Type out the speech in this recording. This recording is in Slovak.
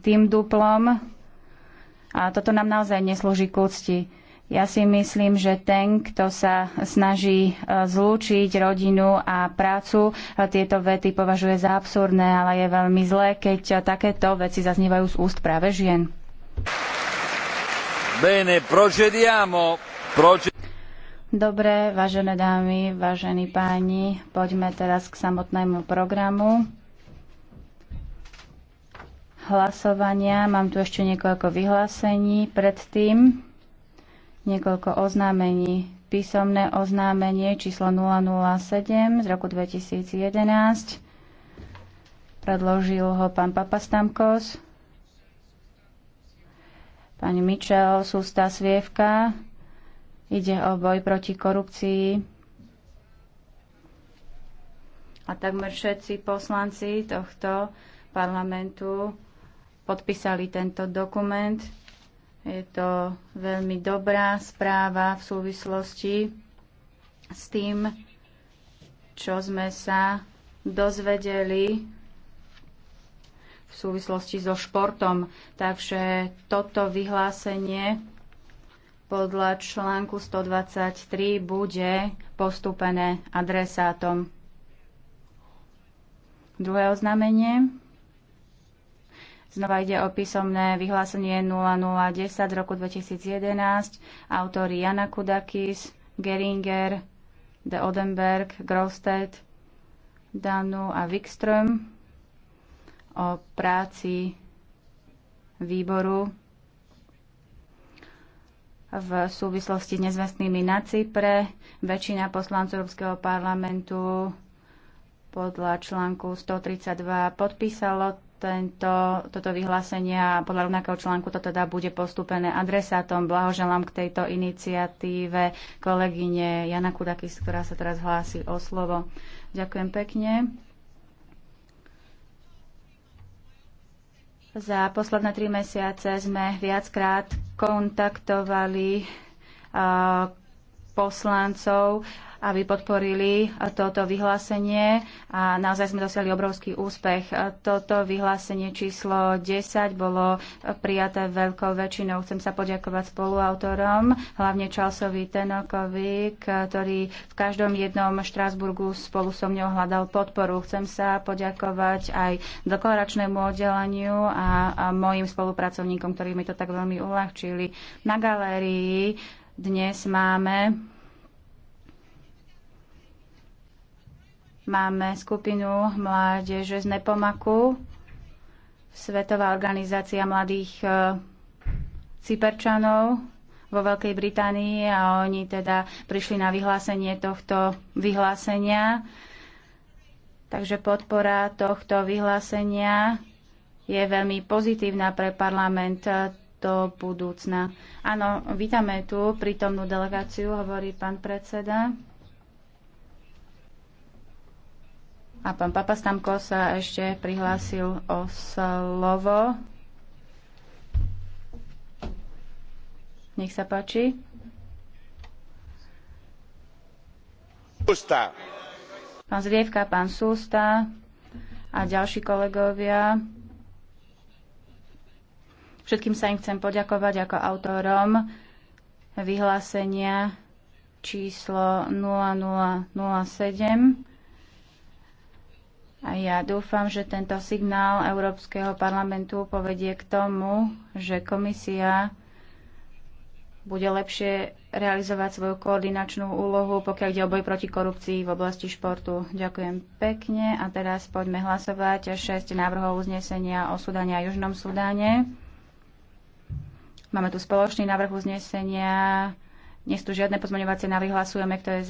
tým duplom a toto nám naozaj neslúži k úcti. Ja si myslím, že ten, kto sa snaží e, zlúčiť rodinu a prácu, e, tieto vety považuje za absurdné, ale je veľmi zlé, keď e, takéto veci zaznívajú z úst práve žien. Bene, procediamo. Proced- Dobre, vážené dámy, vážení páni, poďme teraz k samotnému programu hlasovania. Mám tu ešte niekoľko vyhlásení predtým, niekoľko oznámení. Písomné oznámenie číslo 007 z roku 2011. Predložil ho pán Papastamkos, pani Mičel, Sústa Svievka. Ide o boj proti korupcii a takmer všetci poslanci tohto parlamentu podpísali tento dokument. Je to veľmi dobrá správa v súvislosti s tým, čo sme sa dozvedeli v súvislosti so športom. Takže toto vyhlásenie podľa článku 123 bude postúpené adresátom. Druhé oznámenie. Znova ide o písomné vyhlásenie 0010 roku 2011, autory Jana Kudakis, Geringer, de Odenberg, Grostedt, Danu a Wikström o práci výboru v súvislosti s nezvestnými na Cypre. Väčšina poslancov Európskeho parlamentu podľa článku 132 podpísalo tento, toto vyhlásenie a podľa rovnakého článku to teda bude postúpené adresátom. Blahoželám k tejto iniciatíve kolegyne Jana Kudakis, ktorá sa teraz hlási o slovo. Ďakujem pekne. Za posledné tri mesiace sme viackrát kontaktovali uh, poslancov aby podporili toto vyhlásenie a naozaj sme dosiahli obrovský úspech. Toto vyhlásenie číslo 10 bolo prijaté veľkou väčšinou. Chcem sa poďakovať spoluautorom, hlavne Charlesovi Tenokovi, ktorý v každom jednom Štrásburgu spolu so mnou hľadal podporu. Chcem sa poďakovať aj deklaračnému oddelaniu a, a mojim spolupracovníkom, ktorí mi to tak veľmi uľahčili. Na galérii dnes máme Máme skupinu mládeže z Nepomaku, Svetová organizácia mladých e, Cyperčanov vo Veľkej Británii a oni teda prišli na vyhlásenie tohto vyhlásenia. Takže podpora tohto vyhlásenia je veľmi pozitívna pre parlament do budúcna. Áno, vítame tu prítomnú delegáciu, hovorí pán predseda. A pán Stamko sa ešte prihlásil o slovo. Nech sa páči. Sústa. Pán Zrievka, pán Sústa a ďalší kolegovia. Všetkým sa im chcem poďakovať ako autorom vyhlásenia číslo 0007 a ja dúfam, že tento signál Európskeho parlamentu povedie k tomu, že komisia bude lepšie realizovať svoju koordinačnú úlohu, pokiaľ ide o boj proti korupcii v oblasti športu. Ďakujem pekne a teraz poďme hlasovať 6 návrhov uznesenia o Sudáne a Južnom Sudáne. Máme tu spoločný návrh uznesenia. Nie sú tu žiadne pozmeňovacie návrhy. Hlasujeme, kto je za.